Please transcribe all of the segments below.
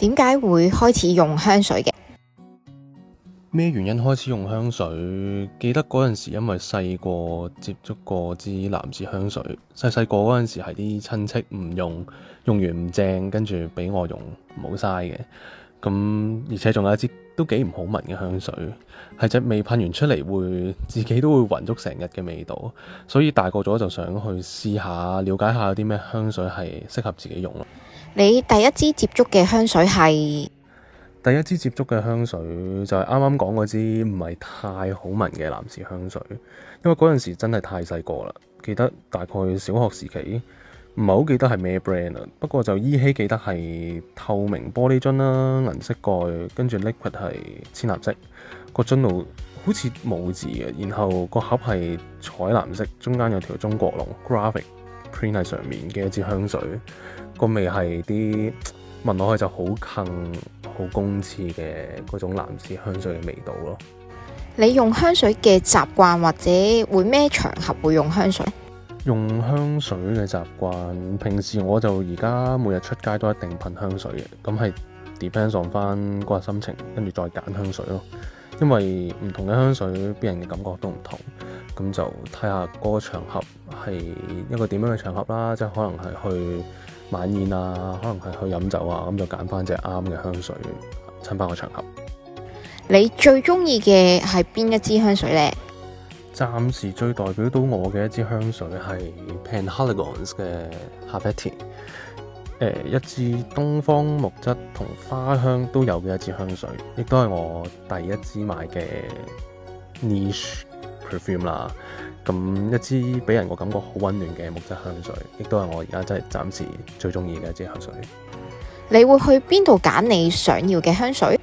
點解會開始用香水嘅？咩原因開始用香水？記得嗰陣時，因為細個接觸過支男士香水，細細個嗰陣時係啲親戚唔用，用完唔正，跟住俾我用，唔好嘥嘅。咁而且仲有一支都幾唔好聞嘅香水，係只未噴完出嚟會自己都會暈足成日嘅味道。所以大個咗就想去試下，了解下有啲咩香水係適合自己用咯。你第一支接觸嘅香水係？第一支接觸嘅香水就係啱啱講嗰支唔係太好聞嘅男士香水，因為嗰陣時真係太細個啦。記得大概小學時期，唔係好記得係咩 brand 啦。不過就依稀記得係透明玻璃樽啦，銀色蓋，跟住 liquid 係淺藍色，個樽度好似冇字嘅，然後個盒係彩藍色，中間有條中國龍 graphic print 喺上面嘅一支香水。個味係啲聞落去就好近，好公廁嘅嗰種男士香水嘅味道咯。你用香水嘅習慣或者會咩場合會用香水？用香水嘅習慣，平時我就而家每日出街都一定噴香水嘅。咁係 depend on 翻個人心情，跟住再揀香水咯。因為唔同嘅香水，畀人嘅感覺都唔同，咁就睇下嗰個場合係一個點樣嘅場合啦，即係可能係去，晚宴啊，可能係去飲酒啊，咁就揀翻隻啱嘅香水，襯翻個場合。你最中意嘅係邊一支香水咧？暫時最代表到我嘅一支香水係 Penhaligon's 嘅 Halfeti，誒，一支東方木質同花香都有嘅一支香水，亦都係我第一支買嘅 Niche Perfume 啦。咁一支畀人個感覺好溫暖嘅木質香水，亦都係我而家真係暫時最鍾意嘅一支香水。你會去邊度揀你想要嘅香水？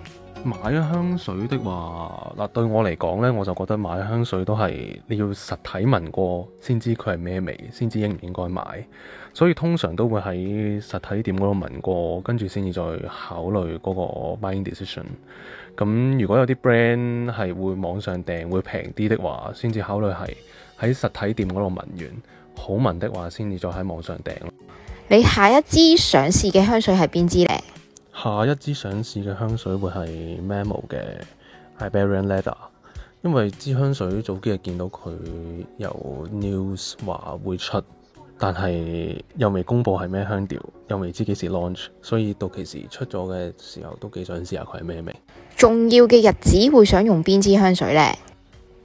買香水的話，嗱對我嚟講呢，我就覺得買香水都係你要實體聞過先知佢係咩味，先知應唔應該買。所以通常都會喺實體店嗰度聞過，跟住先至再考慮嗰個 buying decision。咁如果有啲 brand 係會網上訂會平啲的話，先至考慮係喺實體店嗰度聞完好聞的話，先至再喺網上訂。你下一支想試嘅香水係邊支呢？下一支想試嘅香水會係 Memo 嘅 Iberian Leather，因為支香水早幾日見到佢有 news 話會出，但係又未公布係咩香調，又未知幾時 launch，所以到其時出咗嘅時候都幾想試下佢係咩味。重要嘅日子會想用邊支香水呢？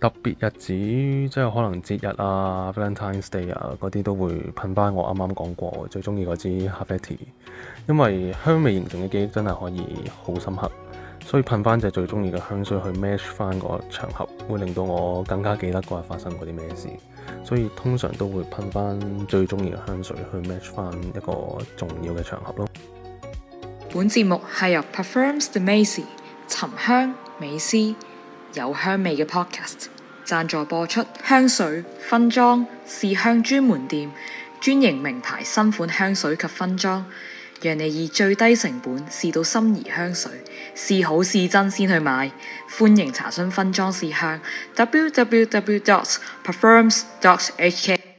特別日子，即係可能節日啊、Valentine's Day 啊嗰啲，都會噴翻我啱啱講過最中意嗰支 Hafety，因為香味形成嘅記憶真係可以好深刻，所以噴翻隻最中意嘅香水去 match 翻個場合，會令到我更加記得嗰日發生過啲咩事，所以通常都會噴翻最中意嘅香水去 match 翻一個重要嘅場合咯。本節目係由 Perfumes de Macy 沉香美思。有香味嘅 podcast，贊助播出香水分裝試香專門店，專營名牌新款香水及分裝，讓你以最低成本試到心儀香水，試好試真先去買。歡迎查詢分裝試香 www.performs.hk